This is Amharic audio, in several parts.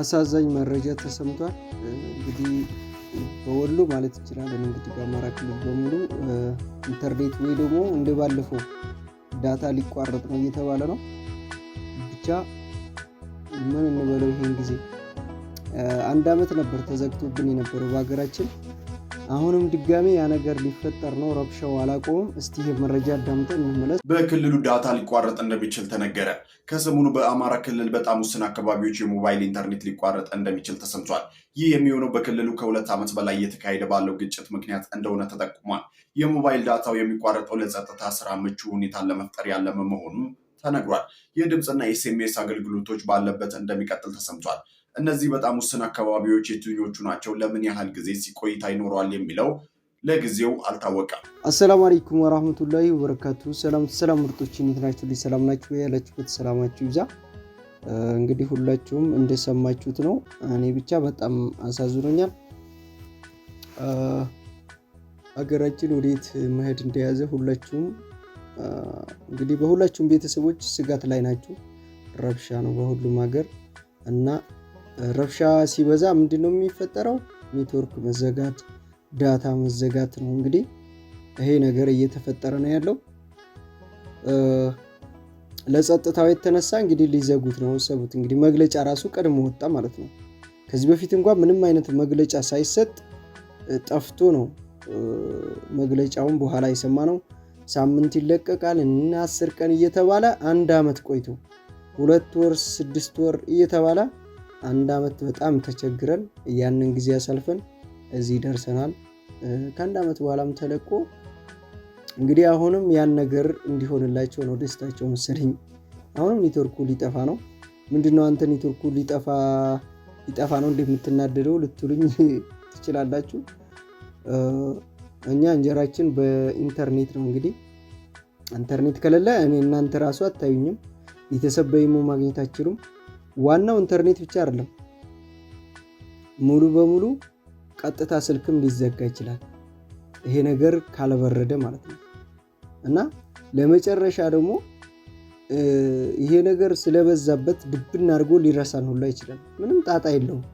አሳዛኝ መረጃ ተሰምቷል። እንግዲህ በወሎ ማለት ይችላል እንግዲህ በአማራ ክልል በሙሉ ኢንተርኔት ወይ ደግሞ እንደ ባለፈው ዳታ ሊቋረጥ ነው እየተባለ ነው። ብቻ ምን እንበለው ይሄን ጊዜ አንድ አመት ነበር ተዘግቶብን የነበረው በሀገራችን አሁንም ድጋሜ ያ ነገር ሊፈጠር ነው። ረብሻው አላቆም። እስቲ መረጃ አዳምጠን እንመለስ። በክልሉ ዳታ ሊቋረጥ እንደሚችል ተነገረ። ከሰሞኑ በአማራ ክልል በጣም ውስን አካባቢዎች የሞባይል ኢንተርኔት ሊቋረጥ እንደሚችል ተሰምቷል። ይህ የሚሆነው በክልሉ ከሁለት ዓመት በላይ እየተካሄደ ባለው ግጭት ምክንያት እንደሆነ ተጠቁሟል። የሞባይል ዳታው የሚቋረጠው ለጸጥታ ስራ ምቹ ሁኔታን ለመፍጠር ያለመ መሆኑን ተነግሯል። የድምፅና ኤስኤምኤስ አገልግሎቶች ባለበት እንደሚቀጥል ተሰምቷል። እነዚህ በጣም ውስን አካባቢዎች የትኞቹ ናቸው፣ ለምን ያህል ጊዜ ሲቆይታ ይኖረዋል የሚለው ለጊዜው አልታወቀም። አሰላሙ አለይኩም ወራህመቱላሂ ወበረካቱ። ሰላም ሰላም ምርጦች እንዴት ናችሁ? ሰላም ናችሁ? ያላችሁበት ሰላማችሁ ይብዛ። እንግዲህ ሁላችሁም እንደሰማችሁት ነው። እኔ ብቻ በጣም አሳዝኖኛል። ሀገራችን ወዴት መሄድ እንደያዘ ሁላችሁም እንግዲህ በሁላችሁም ቤተሰቦች ስጋት ላይ ናችሁ። ረብሻ ነው በሁሉም ሀገር እና ረብሻ ሲበዛ ምንድን ነው የሚፈጠረው? ኔትወርክ መዘጋት፣ ዳታ መዘጋት ነው። እንግዲህ ይሄ ነገር እየተፈጠረ ነው ያለው። ለጸጥታው የተነሳ እንግዲህ ሊዘጉት ነው ሰቡት። እንግዲህ መግለጫ ራሱ ቀድሞ ወጣ ማለት ነው። ከዚህ በፊት እንኳን ምንም አይነት መግለጫ ሳይሰጥ ጠፍቶ ነው መግለጫውን በኋላ የሰማ ነው። ሳምንት ይለቀቃል እና አስር ቀን እየተባለ አንድ አመት ቆይቶ ሁለት ወር ስድስት ወር እየተባለ አንድ አመት በጣም ተቸግረን ያንን ጊዜ አሳልፈን እዚህ ደርሰናል። ከአንድ አመት በኋላም ተለቆ እንግዲህ አሁንም ያን ነገር እንዲሆንላቸው ነው ደስታቸው መሰለኝ። አሁንም ኔትወርኩ ሊጠፋ ነው። ምንድነው አንተ ኔትወርኩ ሊጠፋ ሊጠፋ ነው እንደምትናደደው ልትሉኝ ትችላላችሁ። እኛ እንጀራችን በኢንተርኔት ነው። እንግዲህ ኢንተርኔት ከሌለ እኔ እናንተ ራሱ አታዩኝም፣ ቤተሰብ በይሞ ማግኘት አችሉም። ዋናው ኢንተርኔት ብቻ አይደለም፣ ሙሉ በሙሉ ቀጥታ ስልክም ሊዘጋ ይችላል። ይሄ ነገር ካልበረደ ማለት ነው። እና ለመጨረሻ ደግሞ ይሄ ነገር ስለበዛበት ድብን አድርጎ ሊረሳን ሁላ ይችላል። ምንም ጣጣ የለውም።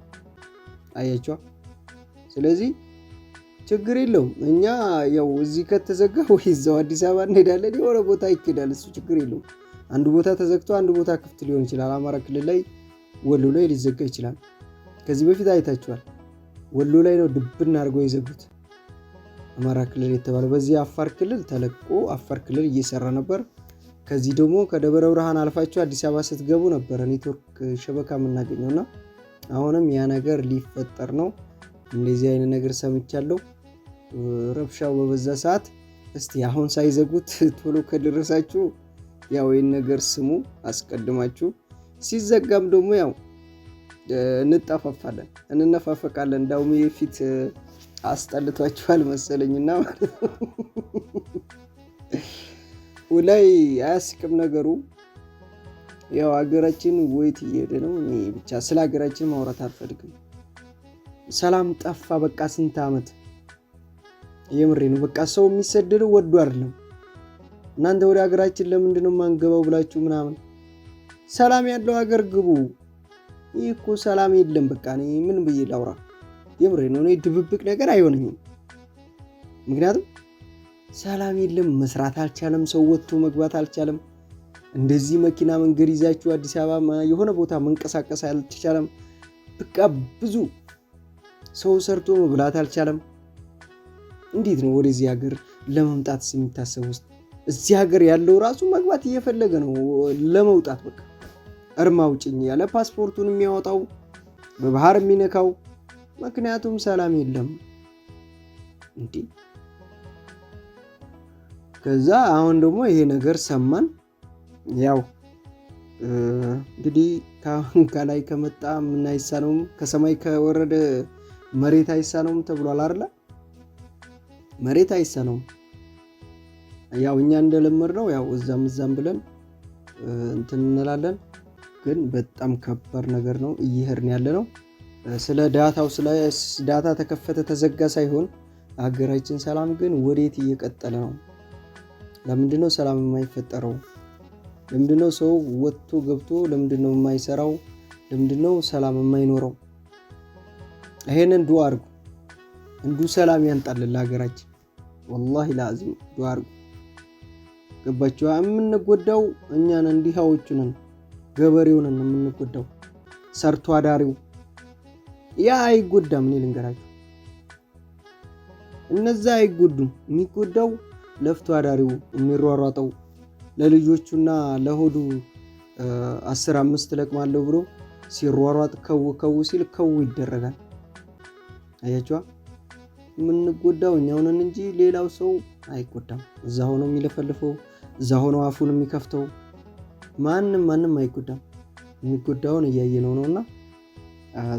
አያቸዋ። ስለዚህ ችግር የለውም። እኛ ያው እዚህ ከተዘጋ ወይ እዛው አዲስ አበባ እንሄዳለን፣ የሆነ ቦታ ይኬዳል። እሱ ችግር የለውም። አንድ ቦታ ተዘግቶ አንድ ቦታ ክፍት ሊሆን ይችላል። አማራ ክልል ላይ ወሎ ላይ ሊዘጋ ይችላል። ከዚህ በፊት አይታችኋል። ወሎ ላይ ነው ድብን አድርገው የዘጉት አማራ ክልል የተባለ በዚህ አፋር ክልል ተለቆ አፋር ክልል እየሰራ ነበር። ከዚህ ደግሞ ከደብረ ብርሃን አልፋችሁ አዲስ አበባ ስትገቡ ነበረ ኔትወርክ ሸበካ የምናገኘው እና አሁንም ያ ነገር ሊፈጠር ነው። እንደዚህ አይነት ነገር ሰምቻለሁ። ረብሻው በበዛ ሰዓት እስቲ አሁን ሳይዘጉት ቶሎ ከደረሳችሁ ያው ይህን ነገር ስሙ አስቀድማችሁ። ሲዘጋም ደግሞ ያው እንጠፋፋለን፣ እንነፋፈቃለን። እንዳውም የፊት አስጠልቷችኋል መሰለኝና ላይ አያስቅም ነገሩ። ያው ሀገራችን ወይት እየሄደ ነው። እኔ ብቻ ስለ ሀገራችን ማውራት አልፈልግም። ሰላም ጠፋ። በቃ ስንት ዓመት የምሬ ነው። በቃ ሰው የሚሰደደው ወዶ አይደለም። እናንተ ወደ ሀገራችን ለምንድን ነው የማንገባው ብላችሁ ምናምን ሰላም ያለው ሀገር ግቡ። ይህ እኮ ሰላም የለም። በቃ እኔ ምን ብዬ ላውራ? የምሬ ነው። እኔ ድብብቅ ነገር አይሆንኝም። ምክንያቱም ሰላም የለም። መስራት አልቻለም። ሰው ወጥቶ መግባት አልቻለም። እንደዚህ መኪና መንገድ ይዛችሁ አዲስ አበባ የሆነ ቦታ መንቀሳቀስ አልተቻለም። በቃ ብዙ ሰው ሰርቶ መብላት አልቻለም። እንዴት ነው ወደዚህ ሀገር ለመምጣት የሚታሰብ ውስጥ እዚህ ሀገር ያለው ራሱ መግባት እየፈለገ ነው ለመውጣት። በቃ እርማ ውጭኝ ያለ ፓስፖርቱን የሚያወጣው በባህር የሚነካው ምክንያቱም ሰላም የለም እንዴ። ከዛ አሁን ደግሞ ይሄ ነገር ሰማን። ያው እንግዲህ ከአሁን ከላይ ከመጣ ምን አይሳነውም፣ ከሰማይ ከወረደ መሬት አይሳነውም ተብሏል አይደለ? መሬት አይሳነውም። ያው እኛ ነው ያው እዛም እዛም ብለን እንትን እንላለን፣ ግን በጣም ከባድ ነገር ነው እየሄድን ያለ ነው። ስለ ዳታው ስለ ዳታ ተከፈተ ተዘጋ ሳይሆን ሀገራችን ሰላም ግን ወዴት እየቀጠለ ነው? ለምንድነው ሰላም የማይፈጠረው? ለምንድነው ሰው ወጥቶ ገብቶ ለምንድነው የማይሰራው? ለምንድነው ሰላም የማይኖረው? ይሄንን ዱዓ አርጉ፣ እንዱ ሰላም ያንጣልን ለሀገራችን። ወላሂ ለአዚም ዱ አርጉ። ገባችሁ? የምንጎዳው እኛን እንዲሃዎቹንን ገበሬውንን የምንጎዳው ሰርቶ አዳሪው ያ አይጎዳም። እኔ ልንገራችሁ፣ እነዛ አይጎዱም። የሚጎዳው ለፍቶ አዳሪው የሚሯሯጠው ለልጆቹና ለሆዱ አስር አምስት ለቅማለሁ ብሎ ሲሯሯጥ ከው ከው ሲል ከው ይደረጋል። አያችኋ? የምንጎዳው እኛው ነን እንጂ ሌላው ሰው አይጎዳም። እዛ ሆኖ የሚለፈልፈው እዛ ሆኖ አፉን የሚከፍተው ማንም ማንም አይጎዳም። የሚጎዳውን እያየነው ነው እና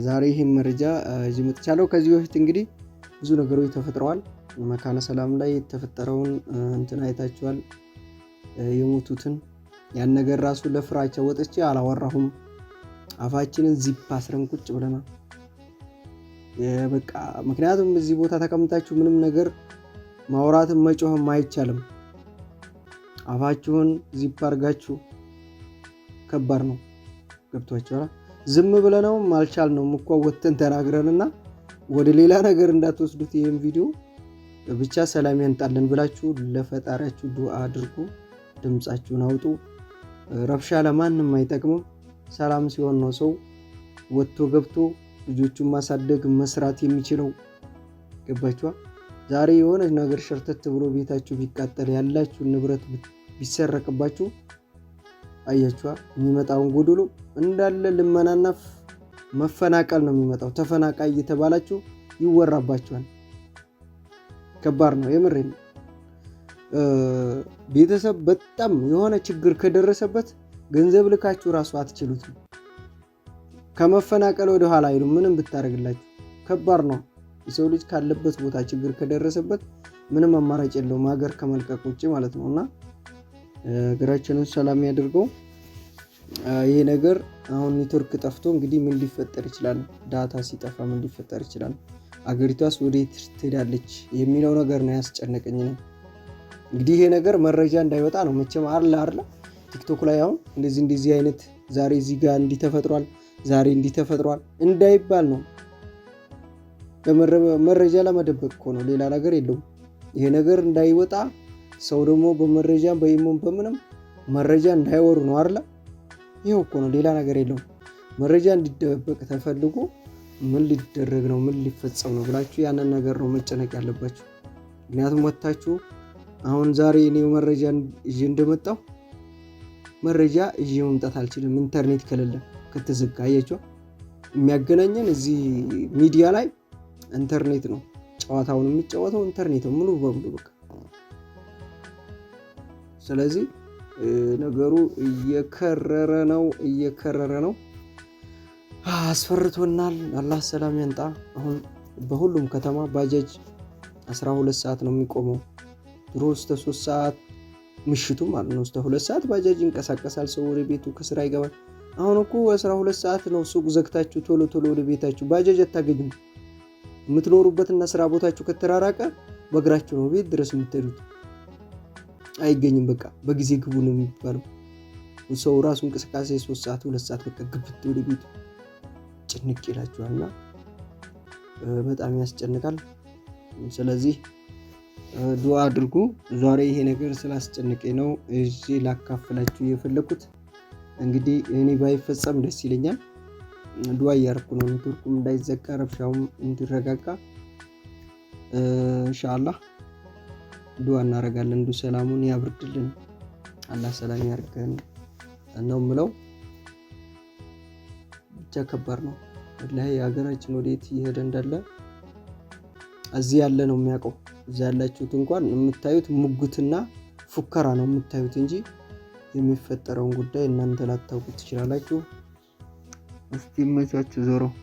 ዛሬ ይህን መረጃ ይዤ መጥቻለሁ። ከዚህ በፊት እንግዲህ ብዙ ነገሮች ተፈጥረዋል። መካነ ሰላም ላይ የተፈጠረውን እንትን አይታችኋል። የሞቱትን ያን ነገር ራሱ ለፍራቻ ወጥቼ አላወራሁም። አፋችንን ዚፕ አስረን ቁጭ ብለናል። በቃ ምክንያቱም እዚህ ቦታ ተቀምጣችሁ ምንም ነገር ማውራትም መጮህም አይቻልም። አፋችሁን ዚፕ አርጋችሁ ከባድ ነው። ገብቷችኋል። ዝም ብለነውም አልቻልነውም እኮ ተናግረን ተናግረንና ወደ ሌላ ነገር እንዳትወስዱት ይህም ቪዲዮ ብቻ ሰላም ያንጣልን ብላችሁ ለፈጣሪያችሁ ዱዓ አድርጉ። ድምፃችሁን አውጡ። ረብሻ ለማንም አይጠቅምም። ሰላም ሲሆን ነው ሰው ወጥቶ ገብቶ ልጆቹን ማሳደግ መስራት የሚችለው ገባችኋ? ዛሬ የሆነ ነገር ሸርተት ብሎ ቤታችሁ ቢቃጠል ያላችሁ ንብረት ቢሰረቅባችሁ አያችኋ? የሚመጣውን ጎዶሎ እንዳለ ልመናና መፈናቀል ነው የሚመጣው። ተፈናቃይ እየተባላችሁ ይወራባችኋል። ከባድ ነው፣ የምሬ ነው። ቤተሰብ በጣም የሆነ ችግር ከደረሰበት ገንዘብ ልካችሁ እራሱ አትችሉትም። ከመፈናቀል ወደ ኋላ አይሉ ምንም ብታደርግላችሁ ከባድ ነው። የሰው ልጅ ካለበት ቦታ ችግር ከደረሰበት ምንም አማራጭ የለውም ሀገር ከመልቀቅ ውጭ ማለት ነው። እና ሀገራችንን ሰላም ያድርገው። ይሄ ነገር አሁን ኔትወርክ ጠፍቶ እንግዲህ ምን ሊፈጠር ይችላል? ዳታ ሲጠፋ ምን ሊፈጠር ይችላል? አገሪቷስ ወዴት ትሄዳለች የሚለው ነገር ነው ያስጨነቀኝ። ነው እንግዲህ ይሄ ነገር መረጃ እንዳይወጣ ነው መቼም አለ አለ ቲክቶክ ላይ አሁን እንደዚህ እንደዚህ አይነት ዛሬ እዚህ ጋር እንዲህ ተፈጥሯል ዛሬ እንዲህ ተፈጥሯል እንዳይባል ነው። መረጃ ለመደበቅ እኮ ነው፣ ሌላ ነገር የለውም። ይሄ ነገር እንዳይወጣ ሰው ደግሞ በመረጃ በኢሞን በምንም መረጃ እንዳይወሩ ነው አይደለ? ይኸው እኮ ነው፣ ሌላ ነገር የለውም። መረጃ እንዲደበቅ ተፈልጎ ምን ሊደረግ ነው፣ ምን ሊፈጸም ነው ብላችሁ ያንን ነገር ነው መጨነቅ ያለባችሁ። ምክንያቱም ወታችሁ አሁን ዛሬ እኔ መረጃ ይዤ እንደመጣሁ መረጃ ይዤ መምጣት አልችልም ኢንተርኔት ከሌለም ከተዘጋ የሚያገናኘን እዚህ ሚዲያ ላይ ኢንተርኔት ነው። ጨዋታውን የሚጫወተው ኢንተርኔት ነው ሙሉ በሙሉ በቃ። ስለዚህ ነገሩ እየከረረ ነው እየከረረ ነው፣ አስፈርቶናል። አላህ ሰላም ያንጣ። አሁን በሁሉም ከተማ ባጃጅ 12 ሰዓት ነው የሚቆመው። ድሮ እስከ 3 ሰዓት ምሽቱ ማለት ነው። እስከ 2 ሰዓት ባጃጅ ይንቀሳቀሳል። ሰው ወደ ቤቱ ከስራ ይገባል። አሁን እኮ 12 ሰዓት ነው። ሱቅ ዘግታችሁ ቶሎ ቶሎ ወደ ቤታችሁ ባጃጅ አታገኙም። የምትኖሩበትና ስራ ቦታችሁ ከተራራቀ በእግራችሁ ነው ቤት ድረስ የምትሄዱት። አይገኝም። በቃ በጊዜ ግቡ ነው የሚባለው። ሰው ራሱ እንቅስቃሴ ሶስት ሰዓት ሁለት ሰዓት በቃ ግብት ወደ ቤቱ ጭንቅ ይላችኋልና በጣም ያስጨንቃል። ስለዚህ ዱዓ አድርጉ። ዛሬ ይሄ ነገር ስላስጨንቄ ነው እዚህ ላካፍላችሁ የፈለኩት። እንግዲህ እኔ ባይፈጸም ደስ ይለኛል። ዱዓ እያደረኩ ነው። ኔትወርኩም እንዳይዘጋ ረብሻውም እንዲረጋጋ እንሻአላህ ዱዓ እናደርጋለን። እንዱ ሰላሙን ያብርድልን አላህ ሰላም ያርገን ነው ምለው። ብቻ ከባድ ነው ወላሂ። ሀገራችን ወዴት እየሄደ እንዳለ እዚህ ያለ ነው የሚያውቀው። እዚህ ያላችሁት እንኳን የምታዩት ሙግትና ፉከራ ነው የምታዩት እንጂ የሚፈጠረውን ጉዳይ እናንተ ላታውቁት ትችላላችሁ። እስቲ መቻችሁ ዞረው